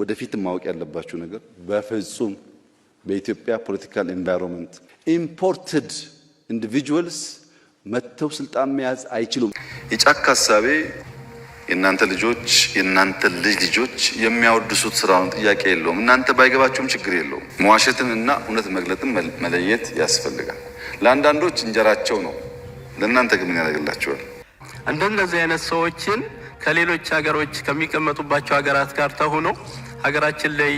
ወደፊት ማወቅ ያለባችሁ ነገር በፍጹም በኢትዮጵያ ፖለቲካል ኤንቫይሮንመንት ኢምፖርትድ ኢንዲቪጁዋልስ መጥተው ስልጣን መያዝ አይችሉም። የጫካ ሀሳቤ የእናንተ ልጆች የእናንተ ልጅ ልጆች የሚያወድሱት ስራውን ጥያቄ የለውም። እናንተ ባይገባቸውም ችግር የለውም። መዋሸትን እና እውነት መግለጥን መለየት ያስፈልጋል። ለአንዳንዶች እንጀራቸው ነው፣ ለእናንተ ግን ምን ያደርግላቸዋል? እንደነዚህ አይነት ሰዎችን ከሌሎች ሀገሮች ከሚቀመጡባቸው ሀገራት ጋር ተሆኖ ሀገራችን ላይ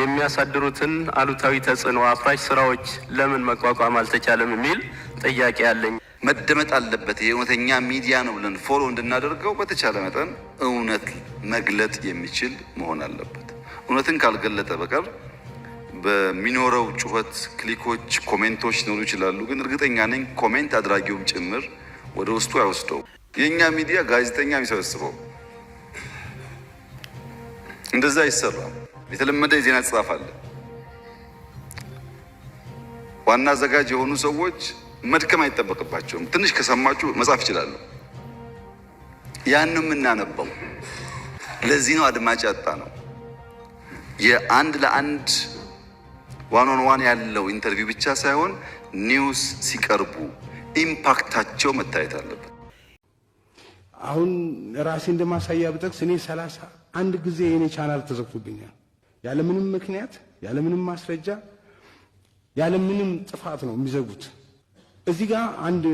የሚያሳድሩትን አሉታዊ ተጽዕኖ አፍራሽ ስራዎች ለምን መቋቋም አልተቻለም የሚል ጥያቄ አለኝ። መደመጥ አለበት። የእውነተኛ ሚዲያ ነው ብለን ፎሎ እንድናደርገው በተቻለ መጠን እውነት መግለጥ የሚችል መሆን አለበት። እውነትን ካልገለጠ በቀር በሚኖረው ጩኸት፣ ክሊኮች፣ ኮሜንቶች ሊኖሩ ይችላሉ። ግን እርግጠኛ ነኝ ኮሜንት አድራጊውም ጭምር ወደ ውስጡ አይወስደው። የእኛ ሚዲያ ጋዜጠኛ የሚሰበስበው እንደዛ ይሰራል። የተለመደ የዜና ጽሑፍ አለ። ዋና አዘጋጅ የሆኑ ሰዎች መድከም አይጠበቅባቸውም። ትንሽ ከሰማችሁ መጻፍ ይችላሉ። ያን የምናነበው ለዚህ ነው። አድማጭ ያጣ ነው። የአንድ ለአንድ ዋን ኦን ዋን ያለው ኢንተርቪው ብቻ ሳይሆን ኒውስ ሲቀርቡ ኢምፓክታቸው መታየት አለበት። አሁን ራሴ እንደማሳያ ብጠቅስ እኔ ሰላሳ አንድ ጊዜ የእኔ ቻናል ተዘግቶብኛል። ያለምንም ምክንያት፣ ያለምንም ማስረጃ፣ ያለምንም ጥፋት ነው የሚዘጉት። እዚህ ጋር አንድ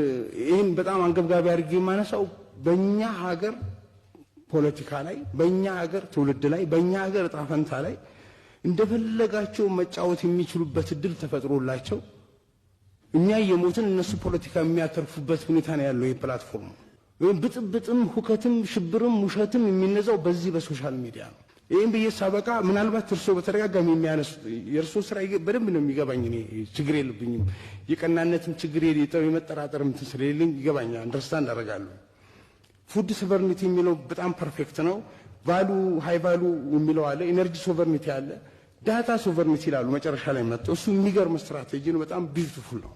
ይህን በጣም አንገብጋቢ አድርጌ የማነሳው በእኛ ሀገር ፖለቲካ ላይ፣ በእኛ ሀገር ትውልድ ላይ፣ በእኛ ሀገር እጣ ፈንታ ላይ እንደፈለጋቸው መጫወት የሚችሉበት እድል ተፈጥሮላቸው እኛ የሞትን እነሱ ፖለቲካ የሚያተርፉበት ሁኔታ ነው ያለው ይህ ፕላትፎርም ወይም ብጥብጥም፣ ሁከትም፣ ሽብርም፣ ውሸትም የሚነዛው በዚህ በሶሻል ሚዲያ ነው። ይህም ብዬ ሳበቃ ምናልባት እርስዎ በተደጋጋሚ የሚያነሱ የእርስዎ ስራ በደንብ ነው የሚገባኝ። እኔ ችግር የለብኝም። የቀናነትም ችግር የሌጠው የመጠራጠርም እንትን ስለሌለኝ ይገባኛል። አንደርስታንድ አደርጋለሁ። ፉድ ሶቨርኒቲ የሚለው በጣም ፐርፌክት ነው። ቫሉ ሃይ ቫሉ የሚለው አለ። ኤነርጂ ሶቨርኒቲ አለ። ዳታ ሶቨርኒቲ ይላሉ መጨረሻ ላይ መጥተው። እሱ የሚገርም ስትራቴጂ ነው። በጣም ቢዩቲፉል ነው።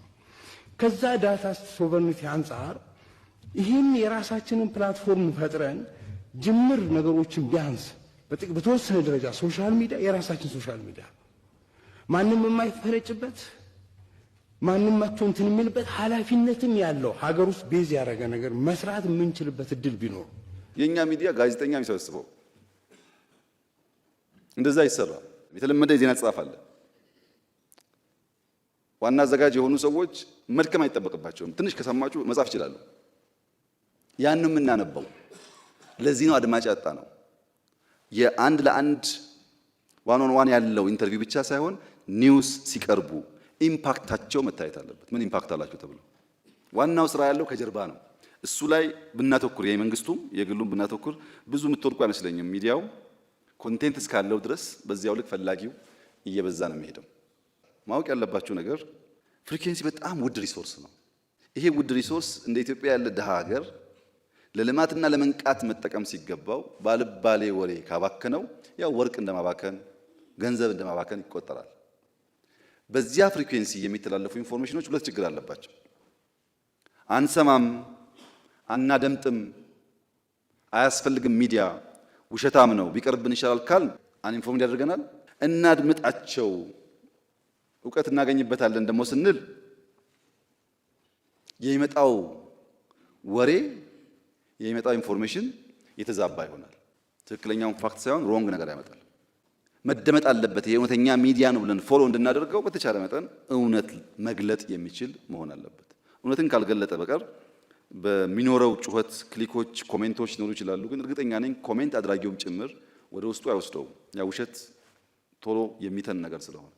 ከዛ ዳታ ሶቨርኒቲ አንጻር ይህን የራሳችንን ፕላትፎርም ፈጥረን ጅምር ነገሮችን ቢያንስ በተወሰነ ደረጃ ሶሻል ሚዲያ የራሳችን ሶሻል ሚዲያ ማንም የማይፈረጭበት ማንም መጥቶ እንትን የሚልበት ኃላፊነትም ያለው ሀገር ውስጥ ቤዝ ያደረገ ነገር መስራት የምንችልበት እድል ቢኖር የእኛ ሚዲያ ጋዜጠኛ የሚሰበስበው እንደዛ ይሰራል። የተለመደ የዜና ጽሑፍ አለ። ዋና አዘጋጅ የሆኑ ሰዎች መድከም አይጠበቅባቸውም። ትንሽ ከሰማችሁ መጻፍ ይችላሉ። ያን ነው የምናነበው። ለዚህ ነው አድማጭ ያጣ ነው። የአንድ ለአንድ ዋን ኦን ዋን ያለው ኢንተርቪው ብቻ ሳይሆን ኒውስ ሲቀርቡ ኢምፓክታቸው መታየት አለበት። ምን ኢምፓክት አላቸው ተብሎ ዋናው ስራ ያለው ከጀርባ ነው። እሱ ላይ ብናተኩር የመንግስቱም የግሉም ብናተኩር ብዙ የምትወድቁ አይመስለኝም። ሚዲያው ኮንቴንት እስካለው ድረስ በዚያው ልክ ፈላጊው እየበዛ ነው የሚሄደው። ማወቅ ያለባቸው ነገር ፍሪኩዌንሲ በጣም ውድ ሪሶርስ ነው። ይሄ ውድ ሪሶርስ እንደ ኢትዮጵያ ያለ ድሃ ሀገር ለልማትና ለመንቃት መጠቀም ሲገባው ባልባሌ ወሬ ካባከነው ያው ወርቅ እንደማባከን ገንዘብ እንደማባከን ይቆጠራል። በዚያ ፍሪኩዌንሲ የሚተላለፉ ኢንፎርሜሽኖች ሁለት ችግር አለባቸው። አንሰማም፣ አናደምጥም፣ አያስፈልግም፣ ሚዲያ ውሸታም ነው፣ ቢቀርብን ይሻላል ካል አንኢንፎርምድ ያደርገናል። እናድምጣቸው፣ እውቀት እናገኝበታለን ደግሞ ስንል የሚመጣው ወሬ የሚመጣው ኢንፎርሜሽን የተዛባ ይሆናል። ትክክለኛውን ፋክት ሳይሆን ሮንግ ነገር ያመጣል። መደመጥ አለበት። የእውነተኛ ሚዲያ ነው ብለን ፎሎ እንድናደርገው በተቻለ መጠን እውነት መግለጥ የሚችል መሆን አለበት። እውነትን ካልገለጠ በቀር በሚኖረው ጩኸት፣ ክሊኮች፣ ኮሜንቶች ሊኖሩ ይችላሉ። ግን እርግጠኛ ነኝ ኮሜንት አድራጊውም ጭምር ወደ ውስጡ አይወስደውም። ያ ውሸት ቶሎ የሚተን ነገር ስለሆነ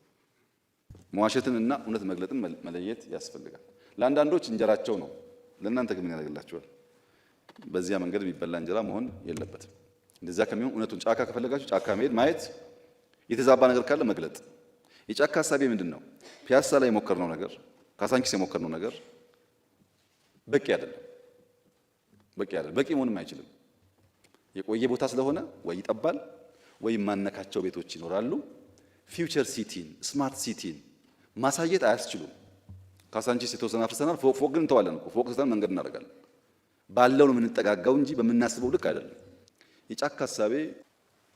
መዋሸትን እና እውነት መግለጥን መለየት ያስፈልጋል። ለአንዳንዶች እንጀራቸው ነው፣ ለእናንተ ግን ምን በዚያ መንገድ የሚበላ እንጀራ መሆን የለበትም። እንደዚያ ከሚሆን እውነቱን ጫካ ከፈለጋችሁ ጫካ መሄድ ማየት፣ የተዛባ ነገር ካለ መግለጥ። የጫካ ሀሳቤ ምንድን ነው? ፒያሳ ላይ የሞከርነው ነገር፣ ካሳንኪስ የሞከርነው ነገር በቂ አይደለም። በቂ አይደለም። በቂ መሆንም አይችልም። የቆየ ቦታ ስለሆነ ወይ ይጠባል ወይ ማነካቸው ቤቶች ይኖራሉ። ፊውቸር ሲቲን ስማርት ሲቲን ማሳየት አያስችሉም። ካሳንቺስ የተወሰነ አፍርሰናል። ፎቅ ግን እንተዋለን ፎቅ ስተን መንገድ እናደርጋለን። ባለው ነው የምንጠጋጋው እንጂ በምናስበው ልክ አይደለም። የጫካ ሀሳቤ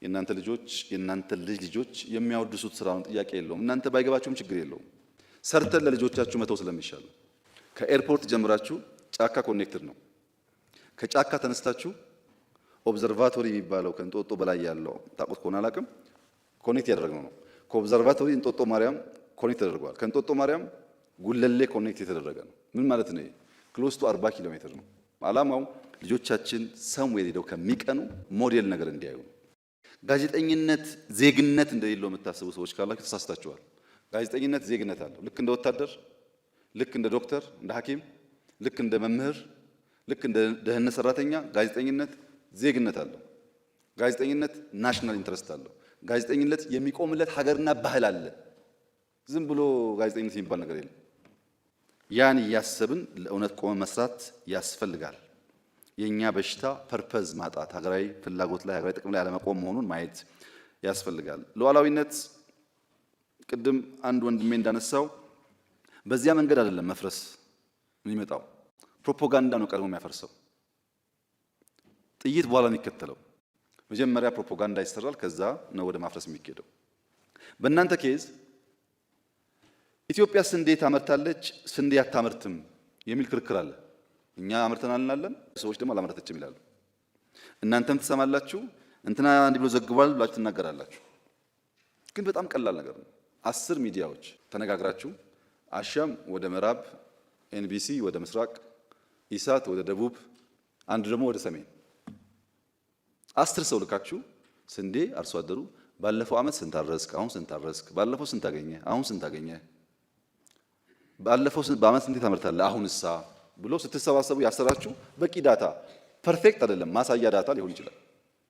የእናንተ ልጆች የእናንተ ልጅ ልጆች የሚያወድሱት ስራ ነው፣ ጥያቄ የለውም። እናንተ ባይገባችሁም ችግር የለውም። ሰርተን ለልጆቻችሁ መተው ስለሚሻል ከኤርፖርት ጀምራችሁ ጫካ ኮኔክትድ ነው። ከጫካ ተነስታችሁ ኦብዘርቫቶሪ የሚባለው ከእንጦጦ በላይ ያለው ታውቁት ከሆነ አላውቅም፣ ኮኔክት ያደረግነው ነው። ከኦብዘርቫቶሪ እንጦጦ ማርያም ኮኔክት ተደርጓል። ከእንጦጦ ማርያም ጉለሌ ኮኔክት የተደረገ ነው። ምን ማለት ነው? ክሎስቱ ቱ 40 ኪሎ ሜትር ነው። ዓላማው ልጆቻችን ሳሙኤል ሄደው ከሚቀኑ ሞዴል ነገር እንዲያዩ። ጋዜጠኝነት ዜግነት እንደሌለው የምታስቡ ሰዎች ካላችሁ ተሳስታችኋል። ጋዜጠኝነት ዜግነት አለው። ልክ እንደ ወታደር፣ ልክ እንደ ዶክተር፣ እንደ ሐኪም፣ ልክ እንደ መምህር፣ ልክ እንደ ደህንነት ሰራተኛ ጋዜጠኝነት ዜግነት አለው። ጋዜጠኝነት ናሽናል ኢንትረስት አለው። ጋዜጠኝነት የሚቆምለት ሀገርና ባህል አለ። ዝም ብሎ ጋዜጠኝነት የሚባል ነገር የለም። ያን እያሰብን ለእውነት ቆመ መስራት ያስፈልጋል። የእኛ በሽታ ፐርፐዝ ማጣት፣ ሀገራዊ ፍላጎት ላይ ሀገራዊ ጥቅም ላይ አለመቆም መሆኑን ማየት ያስፈልጋል። ሉዓላዊነት ቅድም አንድ ወንድሜ እንዳነሳው በዚያ መንገድ አይደለም መፍረስ የሚመጣው። ፕሮፓጋንዳ ነው ቀድሞ የሚያፈርሰው። ጥይት በኋላ የሚከተለው መጀመሪያ ፕሮፓጋንዳ ይሰራል። ከዛ ነው ወደ ማፍረስ የሚኬደው። በእናንተ ኬዝ ኢትዮጵያ ስንዴ ታመርታለች፣ ስንዴ አታመርትም የሚል ክርክር አለ። እኛ አምርተናል እናለን፣ ሰዎች ደግሞ አላመረተችም ይላሉ። እናንተም ትሰማላችሁ፣ እንትና አንድ ብሎ ዘግቧል ብላችሁ ትናገራላችሁ። ግን በጣም ቀላል ነገር ነው። አስር ሚዲያዎች ተነጋግራችሁ አሻም ወደ ምዕራብ፣ ኤንቢሲ ወደ ምስራቅ፣ ኢሳት ወደ ደቡብ፣ አንድ ደግሞ ወደ ሰሜን አስር ሰው ልካችሁ ስንዴ አርሶ አደሩ ባለፈው ዓመት ስንታረስክ፣ አሁን ስንታረስክ፣ ባለፈው ስንታገኘ፣ አሁን ስንታገኘ ባለፈው በአመት ስንት ታመርታለ አሁን እሳ ብሎ ስትሰባሰቡ ያሰራችሁ በቂ ዳታ ፐርፌክት አይደለም፣ ማሳያ ዳታ ሊሆን ይችላል።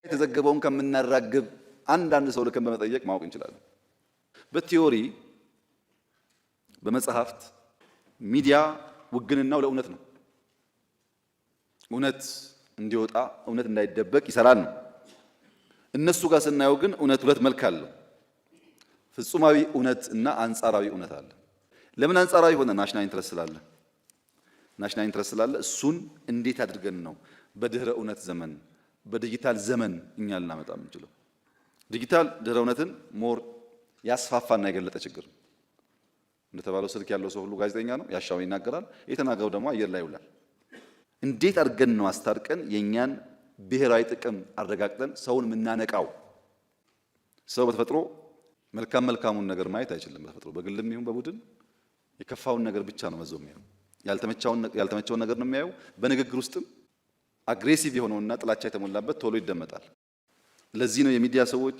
የተዘገበውን ከምናራግብ አንዳንድ ሰው ልክን በመጠየቅ ማወቅ እንችላለን። በቲዮሪ በመጽሐፍት ሚዲያ ውግንናው ለእውነት ነው። እውነት እንዲወጣ እውነት እንዳይደበቅ ይሰራል ነው። እነሱ ጋር ስናየው ግን እውነት ሁለት መልክ አለው። ፍጹማዊ እውነት እና አንጻራዊ እውነት አለ። ለምን አንጻራዊ ሆነ? ናሽናል ኢንትረስት ስላለ ናሽናል ኢንትረስት ስላለ እሱን እንዴት አድርገን ነው በድህረ እውነት ዘመን በዲጂታል ዘመን እኛ ልናመጣ የምንችለው? ዲጂታል ድህረ እውነትን ሞር ያስፋፋና የገለጠ ችግር እንደተባለው ስልክ ያለው ሰው ሁሉ ጋዜጠኛ ነው፣ ያሻው ይናገራል። የተናገረው ደግሞ አየር ላይ ይውላል። እንዴት አድርገን ነው አስታርቀን የእኛን ብሔራዊ ጥቅም አረጋግጠን ሰውን የምናነቃው? ሰው በተፈጥሮ መልካም መልካሙን ነገር ማየት አይችልም። በተፈጥሮ በግልም ይሁን በቡድን የከፋውን ነገር ብቻ ነው መዞ የሚያዩ ያልተመቸውን ነገር ነው የሚያዩ። በንግግር ውስጥም አግሬሲቭ የሆነውና ጥላቻ የተሞላበት ቶሎ ይደመጣል። ለዚህ ነው የሚዲያ ሰዎች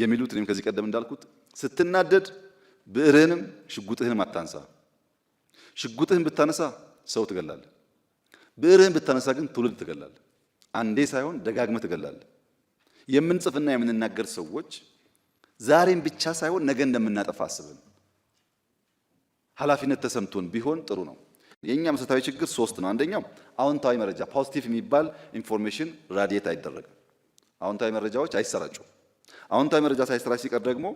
የሚሉት እኔም ከዚህ ቀደም እንዳልኩት ስትናደድ ብዕርህንም ሽጉጥህንም አታንሳ። ሽጉጥህን ብታነሳ ሰው ትገላለህ። ብዕርህን ብታነሳ ግን ትውልድ ትገላለህ። አንዴ ሳይሆን ደጋግመህ ትገላለህ። የምንጽፍና የምንናገር ሰዎች ዛሬን ብቻ ሳይሆን ነገ እንደምናጠፋ አስበን ኃላፊነት ተሰምቶን ቢሆን ጥሩ ነው። የእኛ መሰረታዊ ችግር ሶስት ነው። አንደኛው አዎንታዊ መረጃ ፖዚቲቭ የሚባል ኢንፎርሜሽን ራዲየት አይደረግም። አዎንታዊ መረጃዎች አይሰራጩም። አዎንታዊ መረጃ ሳይሰራጭ ሲቀር ደግሞ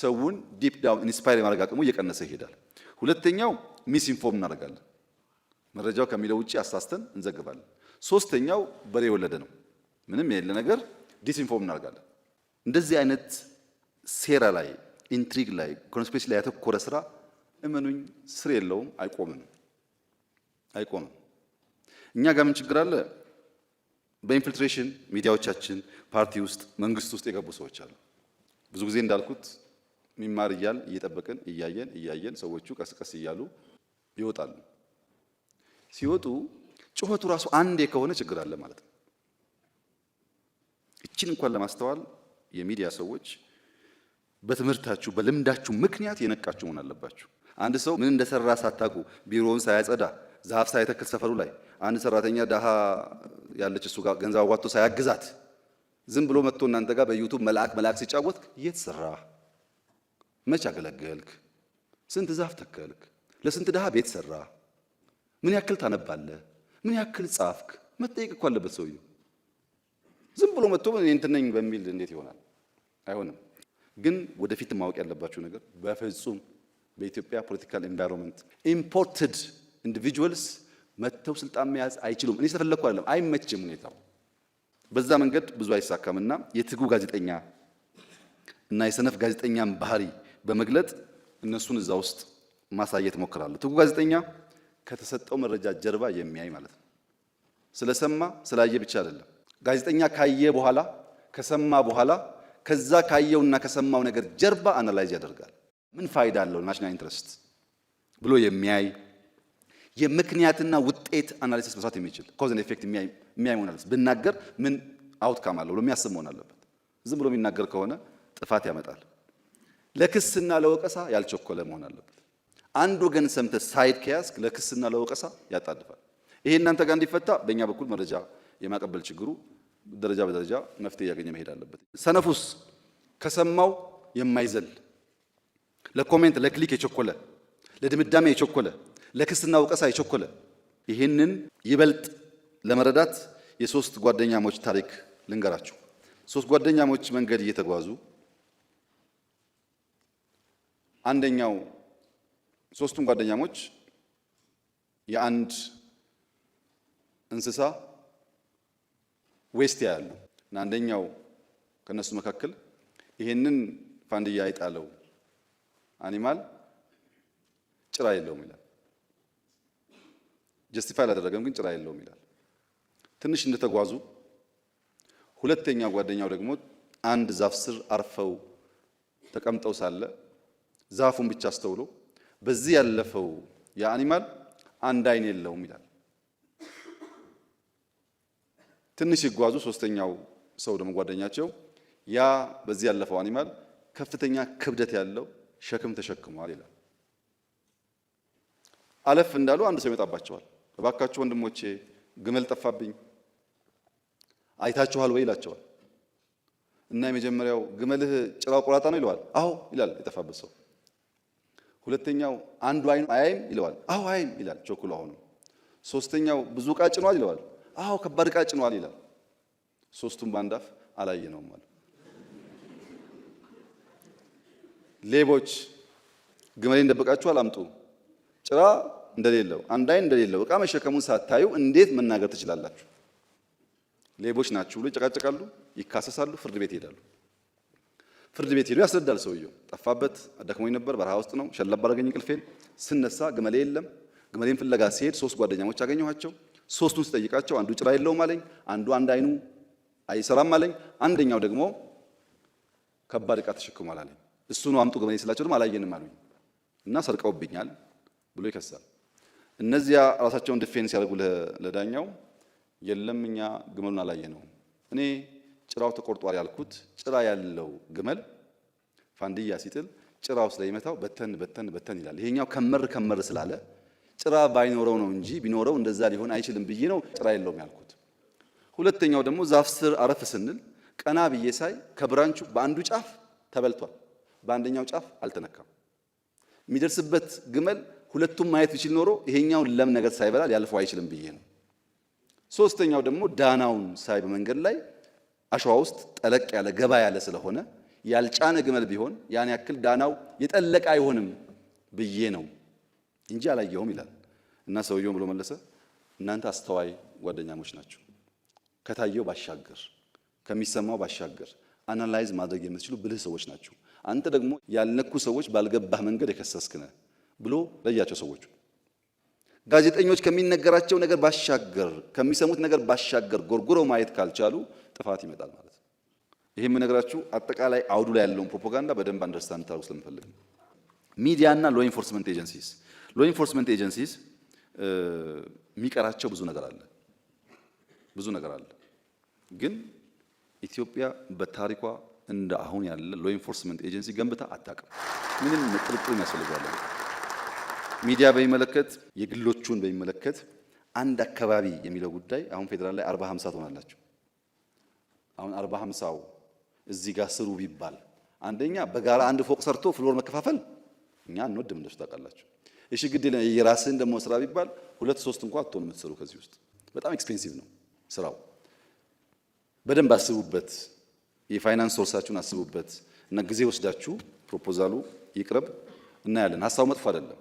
ሰውን ዲፕ ዳውን ኢንስፓየር የማድረግ አቅሙ እየቀነሰ ይሄዳል። ሁለተኛው ሚስ ኢንፎርም እናደርጋለን። መረጃው ከሚለው ውጭ አሳስተን እንዘግባለን። ሶስተኛው በሬ የወለደ ነው። ምንም የሌለ ነገር ዲስኢንፎርም እናደርጋለን። እንደዚህ አይነት ሴራ ላይ ኢንትሪግ ላይ ኮንስፔሲ ላይ ያተኮረ ስራ እመኑኝ፣ ስር የለውም፣ አይቆምም አይቆምም። እኛ ጋር ምን ችግር አለ? በኢንፊልትሬሽን ሚዲያዎቻችን፣ ፓርቲ ውስጥ፣ መንግስት ውስጥ የገቡ ሰዎች አሉ። ብዙ ጊዜ እንዳልኩት ሚማር እያል እየጠበቅን እያየን እያየን ሰዎቹ ቀስቀስ እያሉ ይወጣሉ። ሲወጡ ጩኸቱ ራሱ አንዴ ከሆነ ችግር አለ ማለት ነው። እችን እንኳን ለማስተዋል የሚዲያ ሰዎች በትምህርታችሁ በልምዳችሁ ምክንያት የነቃችሁ መሆን አለባችሁ። አንድ ሰው ምን እንደሰራ ሳታውቁ ቢሮውን ሳያጸዳ ዛፍ ሳይተክል ሰፈሩ ላይ አንድ ሰራተኛ ደሃ ያለች እሱ ጋር ገንዘብ አዋጥቶ ሳያግዛት ዝም ብሎ መጥቶ እናንተ ጋር በዩቱብ መልአክ መልአክ ሲጫወት የት ሰራ፣ መች አገለገልክ፣ ስንት ዛፍ ተከልክ፣ ለስንት ድሃ ቤት ሰራ፣ ምን ያክል ታነባለህ፣ ምን ያክል ጻፍክ መጠየቅ እኮ አለበት ሰውዬው። ዝም ብሎ መጥቶ እንትን ነኝ በሚል እንዴት ይሆናል? አይሆንም። ግን ወደፊት ማወቅ ያለባችሁ ነገር በፍጹም በኢትዮጵያ ፖለቲካል ኢንቫይሮንመንት ኢምፖርትድ ኢንዲቪጁዋልስ መጥተው ስልጣን መያዝ አይችሉም። እኔ ስለፈለግኩ አይደለም፣ አይመችም ሁኔታው። በዛ መንገድ ብዙ አይሳካምና የትጉ ጋዜጠኛ እና የሰነፍ ጋዜጠኛን ባህሪ በመግለጥ እነሱን እዛ ውስጥ ማሳየት ሞክራለሁ። ትጉ ጋዜጠኛ ከተሰጠው መረጃ ጀርባ የሚያይ ማለት ነው። ስለሰማ ስላየ ብቻ አይደለም። ጋዜጠኛ ካየ በኋላ ከሰማ በኋላ ከዛ ካየውና ከሰማው ነገር ጀርባ አናላይዝ ያደርጋል። ምን ፋይዳ አለው ናሽናል ኢንትረስት ብሎ የሚያይ የምክንያትና ውጤት አናሊሲስ መስራት የሚችል ኮዝን ኤፌክት የሚያይ መሆን አለበት። ብናገር ምን አውትካም አለው ብሎ የሚያስብ መሆን አለበት። ዝም ብሎ የሚናገር ከሆነ ጥፋት ያመጣል። ለክስና ለወቀሳ ያልቸኮለ መሆን አለበት። አንድ ወገን ሰምተ ሳይድ ከያዝክ ለክስና ለወቀሳ ያጣድፋል። ይሄ እናንተ ጋር እንዲፈታ በእኛ በኩል መረጃ የማቀበል ችግሩ ደረጃ በደረጃ መፍትሄ እያገኘ መሄድ አለበት። ሰነፉስ ከሰማው የማይዘል ለኮሜንት ለክሊክ የቸኮለ ለድምዳሜ የቸኮለ ለክስና ወቀሳ የቸኮለ ይህንን ይበልጥ ለመረዳት የሶስት ጓደኛሞች ታሪክ ልንገራችሁ። ሶስት ጓደኛሞች መንገድ እየተጓዙ አንደኛው ሶስቱም ጓደኛሞች የአንድ እንስሳ ዌስት ያያሉ እና አንደኛው ከነሱ መካከል ይሄንን ፋንድያ አይጣለው አኒማል ጭራ የለውም ይላል። ጀስቲፋይ አላደረገም፣ ግን ጭራ የለውም ይላል። ትንሽ እንደተጓዙ ሁለተኛ ጓደኛው ደግሞ አንድ ዛፍ ስር አርፈው ተቀምጠው ሳለ ዛፉን ብቻ አስተውሎ በዚህ ያለፈው የአኒማል አንድ አይን የለውም ይላል። ትንሽ ሲጓዙ ሶስተኛው ሰው ደግሞ ጓደኛቸው ያ በዚህ ያለፈው አኒማል ከፍተኛ ክብደት ያለው ሸክም ተሸክመዋል ይላል። አለፍ እንዳሉ አንድ ሰው ይመጣባቸዋል። እባካችሁ ወንድሞቼ ግመል ጠፋብኝ አይታችኋል ወይ ይላቸዋል። እና የመጀመሪያው ግመልህ ጭራው ቆራጣ ነው ይለዋል። አዎ ይላል የጠፋበት ሰው። ሁለተኛው አንዱ አይኑ አያይም ይለዋል። አዎ አያይም ይላል ቸኩሎ። አሁንም ሶስተኛው ብዙ ዕቃ ጭኗል ይለዋል። አዎ ከባድ ዕቃ ጭኗል ይላል። ሶስቱም በአንድ አፍ አላየ ነው ማለት ሌቦች ግመሌን ደብቃችሁ አላምጡ፣ ጭራ እንደሌለው አንድ ዓይን እንደሌለው እቃ መሸከሙን ሳታዩ እንዴት መናገር ትችላላችሁ? ሌቦች ናችሁ ብሎ ይጨቃጨቃሉ፣ ይካሰሳሉ፣ ፍርድ ቤት ይሄዳሉ። ፍርድ ቤት ሄዶ ያስረዳል። ሰውየው ጠፋበት፣ ደክሞኝ ነበር፣ በረሃ ውስጥ ነው፣ ሸለብ አደረገኝ እንቅልፌን። ስነሳ ግመሌ የለም። ግመሌን ፍለጋ ሲሄድ ሶስት ጓደኛሞች አገኘኋቸው። ሶስቱን ስጠይቃቸው አንዱ ጭራ የለውም አለኝ፣ አንዱ አንድ አይኑ አይሰራም አለኝ፣ አንደኛው ደግሞ ከባድ እቃ ተሸክሟል አለኝ። እሱ ነው አምጡ ገመኔ ስላቸው ደግሞ አላየንም አሉኝ እና ሰርቀውብኛል ብሎ ይከሳል። እነዚያ ራሳቸውን ዲፌንስ ያደርጉ ለዳኛው የለም እኛ ግመሉን አላየነውም። እኔ ጭራው ተቆርጧል ያልኩት ጭራ ያለው ግመል ፋንድያ ሲጥል ጭራው ስለሚመታው በተን በተን በተን ይላል። ይሄኛው ከመር ከመር ስላለ ጭራ ባይኖረው ነው እንጂ ቢኖረው እንደዛ ሊሆን አይችልም ብዬ ነው ጭራ የለውም ያልኩት። ሁለተኛው ደግሞ ዛፍ ስር አረፍ ስንል ቀና ብዬ ሳይ ከብራንቹ በአንዱ ጫፍ ተበልቷል። በአንደኛው ጫፍ አልተነካም። የሚደርስበት ግመል ሁለቱም ማየት ቢችል ኖሮ ይሄኛውን ለም ነገር ሳይበላ ሊያልፈው አይችልም ብዬ ነው። ሶስተኛው ደግሞ ዳናውን ሳይ በመንገድ ላይ አሸዋ ውስጥ ጠለቅ ያለ ገባ ያለ ስለሆነ ያልጫነ ግመል ቢሆን ያን ያክል ዳናው የጠለቀ አይሆንም ብዬ ነው እንጂ አላየውም ይላል እና ሰውየው ብሎ መለሰ፣ እናንተ አስተዋይ ጓደኛሞች ናቸው። ከታየው ባሻገር ከሚሰማው ባሻገር አናላይዝ ማድረግ የምትችሉ ብልህ ሰዎች ናቸው። አንተ ደግሞ ያልነኩ ሰዎች ባልገባህ መንገድ የከሰስክነ ብሎ ለያቸው። ሰዎቹ ጋዜጠኞች ከሚነገራቸው ነገር ባሻገር ከሚሰሙት ነገር ባሻገር ጎርጉረው ማየት ካልቻሉ ጥፋት ይመጣል ማለት ነው። ይህ የምነግራችሁ አጠቃላይ አውዱ ላይ ያለውን ፕሮፓጋንዳ በደንብ አንደርስታንድ ታርጉ ስለምፈልግ ነው። ሚዲያ ሎ ኢንፎርስመንት ኤጀንሲስ ሎ ኢንፎርስመንት ኤጀንሲስ የሚቀራቸው ብዙ ነገር አለ ብዙ ነገር አለ ግን ኢትዮጵያ በታሪኳ እንደ አሁን ያለ ሎ ኢንፎርስመንት ኤጀንሲ ገንብታ አታውቅም። ምንም ጥርጥር ያስፈልጋል። ሚዲያ በሚመለከት የግሎቹን በሚመለከት አንድ አካባቢ የሚለው ጉዳይ አሁን ፌዴራል ላይ አርባ ሀምሳ ትሆናላችሁ። አሁን አርባ ሀምሳው እዚህ ጋር ስሩ ቢባል አንደኛ በጋራ አንድ ፎቅ ሰርቶ ፍሎር መከፋፈል እኛ እንወድም እንደሱ ታውቃላችሁ። እሺ ግድ የራስህን ደግሞ ስራ ቢባል ሁለት ሶስት እንኳ አትሆን የምትሰሩ ከዚህ ውስጥ በጣም ኤክስፔንሲቭ ነው ስራው። በደንብ አስቡበት። የፋይናንስ ሶርሳችሁን አስቡበት እና ጊዜ ወስዳችሁ ፕሮፖዛሉ ይቅረብ እናያለን። ሀሳቡ መጥፎ አይደለም።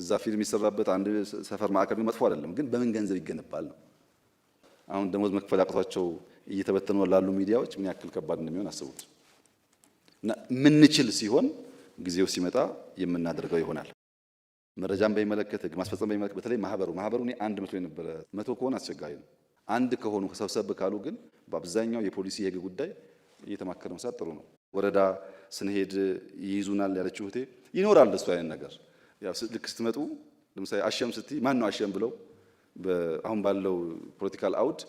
እዛ ፊልም ይሰራበት አንድ ሰፈር ማዕከል መጥፎ አይደለም፣ ግን በምን ገንዘብ ይገነባል ነው። አሁን ደሞዝ መክፈል አቅቷቸው እየተበተኑ ላሉ ሚዲያዎች ምን ያክል ከባድ እንደሚሆን አስቡት። እና የምንችል ሲሆን ጊዜው ሲመጣ የምናደርገው ይሆናል። መረጃን በሚመለከት ህግ ማስፈጸም በሚመለከት በተለይ ማህበሩ ማህበሩ እኔ አንድ መቶ የነበረ መቶ ከሆነ አስቸጋሪ ነው። አንድ ከሆኑ ከሰብሰብ ካሉ ግን በአብዛኛው የፖሊሲ የህግ ጉዳይ እየተማከረ መስራት ጥሩ ነው። ወረዳ ስንሄድ ይይዙናል ያለችው እህቴ ይኖራል እንደሱ አይነት ነገር ልክ ስትመጡ ለምሳሌ አሸም ስትይ ማን ነው አሸም ብለው አሁን ባለው ፖለቲካል አውድ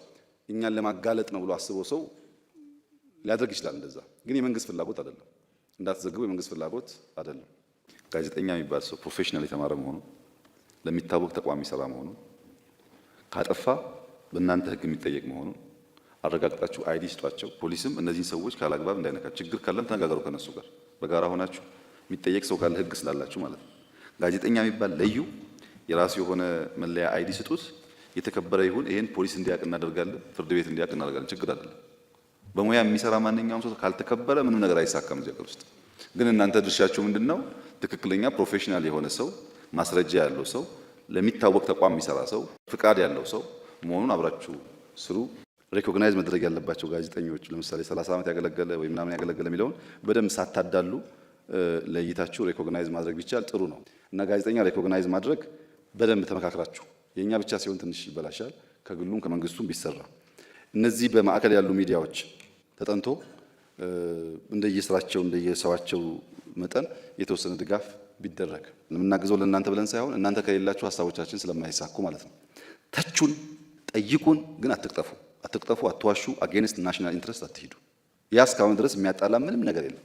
እኛን ለማጋለጥ ነው ብሎ አስቦ ሰው ሊያደርግ ይችላል። እንደዛ ግን የመንግስት ፍላጎት አይደለም፣ እንዳትዘግቡ የመንግስት ፍላጎት አይደለም። ጋዜጠኛ የሚባል ሰው ፕሮፌሽናል የተማረ መሆኑ ለሚታወቅ ተቋም የሚሰራ መሆኑ ካጠፋ በእናንተ ህግ የሚጠየቅ መሆኑን አረጋግጣችሁ አይዲ ስጧቸው። ፖሊስም እነዚህን ሰዎች ካላግባብ እንዳይነካ፣ ችግር ካለም ተነጋገሩ ከነሱ ጋር በጋራ ሆናችሁ የሚጠየቅ ሰው ካለ ህግ ስላላችሁ ማለት ነው። ጋዜጠኛ የሚባል ለዩ፣ የራሱ የሆነ መለያ አይዲ ስጡት። የተከበረ ይሁን። ይህን ፖሊስ እንዲያውቅ እናደርጋለን፣ ፍርድ ቤት እንዲያውቅ እናደርጋለን። ችግር አይደለም። በሙያ የሚሰራ ማንኛውም ሰው ካልተከበረ ምንም ነገር አይሳካም እዚህ ሀገር ውስጥ። ግን እናንተ ድርሻችሁ ምንድን ነው? ትክክለኛ ፕሮፌሽናል የሆነ ሰው፣ ማስረጃ ያለው ሰው፣ ለሚታወቅ ተቋም የሚሰራ ሰው፣ ፍቃድ ያለው ሰው መሆኑን አብራችሁ ስሩ። ሪኮግናይዝ መድረግ ያለባቸው ጋዜጠኞች ለምሳሌ 30 ዓመት ያገለገለ ወይ ምናምን ያገለገለ የሚለውን በደንብ ሳታዳሉ ለይታችሁ ሪኮግናይዝ ማድረግ ቢቻል ጥሩ ነው እና ጋዜጠኛ ሪኮግናይዝ ማድረግ በደንብ ተመካክራችሁ የእኛ ብቻ ሲሆን ትንሽ ይበላሻል፣ ከግሉም ከመንግስቱም ቢሰራ እነዚህ በማዕከል ያሉ ሚዲያዎች ተጠንቶ እንደየስራቸው እንደየሰዋቸው መጠን የተወሰነ ድጋፍ ቢደረግ የምናግዘው ለእናንተ ብለን ሳይሆን እናንተ ከሌላችሁ ሀሳቦቻችን ስለማይሳኩ ማለት ነው። ተቹን፣ ጠይቁን፣ ግን አትቅጠፉ። አትቅጠፉ፣ አትዋሹ፣ አጌንስት ናሽናል ኢንትረስት አትሂዱ። ያ እስካሁን ድረስ የሚያጣላ ምንም ነገር የለም፣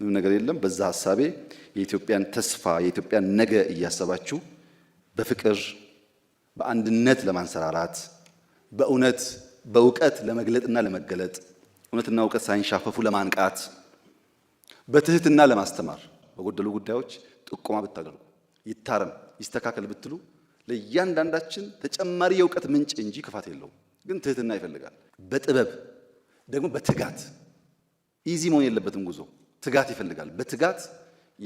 ምንም ነገር የለም። በዛ ሀሳቤ የኢትዮጵያን ተስፋ የኢትዮጵያን ነገ እያሰባችሁ በፍቅር በአንድነት ለማንሰራራት በእውነት በእውቀት ለመግለጥና ለመገለጥ እውነትና እውቀት ሳይንሻፈፉ ለማንቃት በትህትና ለማስተማር በጎደሉ ጉዳዮች ጥቆማ ብታደርጉ ይታረም ይስተካከል ብትሉ ለእያንዳንዳችን ተጨማሪ የእውቀት ምንጭ እንጂ ክፋት የለውም። ግን ትህትና ይፈልጋል። በጥበብ ደግሞ በትጋት ኢዚ መሆን የለበትም ጉዞ ትጋት ይፈልጋል። በትጋት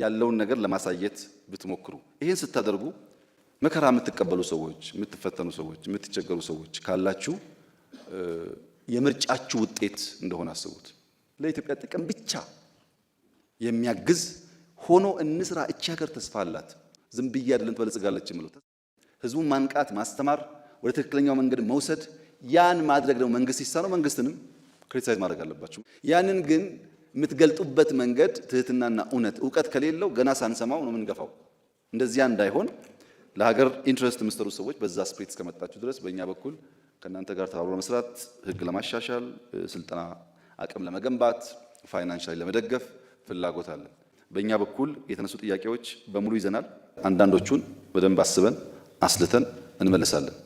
ያለውን ነገር ለማሳየት ብትሞክሩ፣ ይህን ስታደርጉ መከራ የምትቀበሉ ሰዎች፣ የምትፈተኑ ሰዎች፣ የምትቸገሩ ሰዎች ካላችሁ የምርጫችሁ ውጤት እንደሆነ አስቡት። ለኢትዮጵያ ጥቅም ብቻ የሚያግዝ ሆኖ እንስራ። እቺ ሀገር ተስፋ አላት። ዝም ብዬ አይደለም ትበለጽጋለች የምለው ህዝቡን ማንቃት፣ ማስተማር፣ ወደ ትክክለኛው መንገድ መውሰድ ያን ማድረግ ደግሞ መንግስት ይሳነው፣ መንግስትንም ክሪቲሳይዝ ማድረግ አለባቸው። ያንን ግን የምትገልጡበት መንገድ ትህትናና እውነት እውቀት ከሌለው ገና ሳንሰማው ነው የምንገፋው። እንደዚያ እንዳይሆን ለሀገር ኢንትረስት የምትሰሩ ሰዎች በዛ ስፕሪት እስከመጣችሁ ድረስ በእኛ በኩል ከእናንተ ጋር ተባብሮ መስራት፣ ህግ ለማሻሻል፣ ስልጠና አቅም ለመገንባት፣ ፋይናንሻሊ ለመደገፍ ፍላጎት አለን። በእኛ በኩል የተነሱ ጥያቄዎች በሙሉ ይዘናል። አንዳንዶቹን በደንብ አስበን አስልተን እንመለሳለን።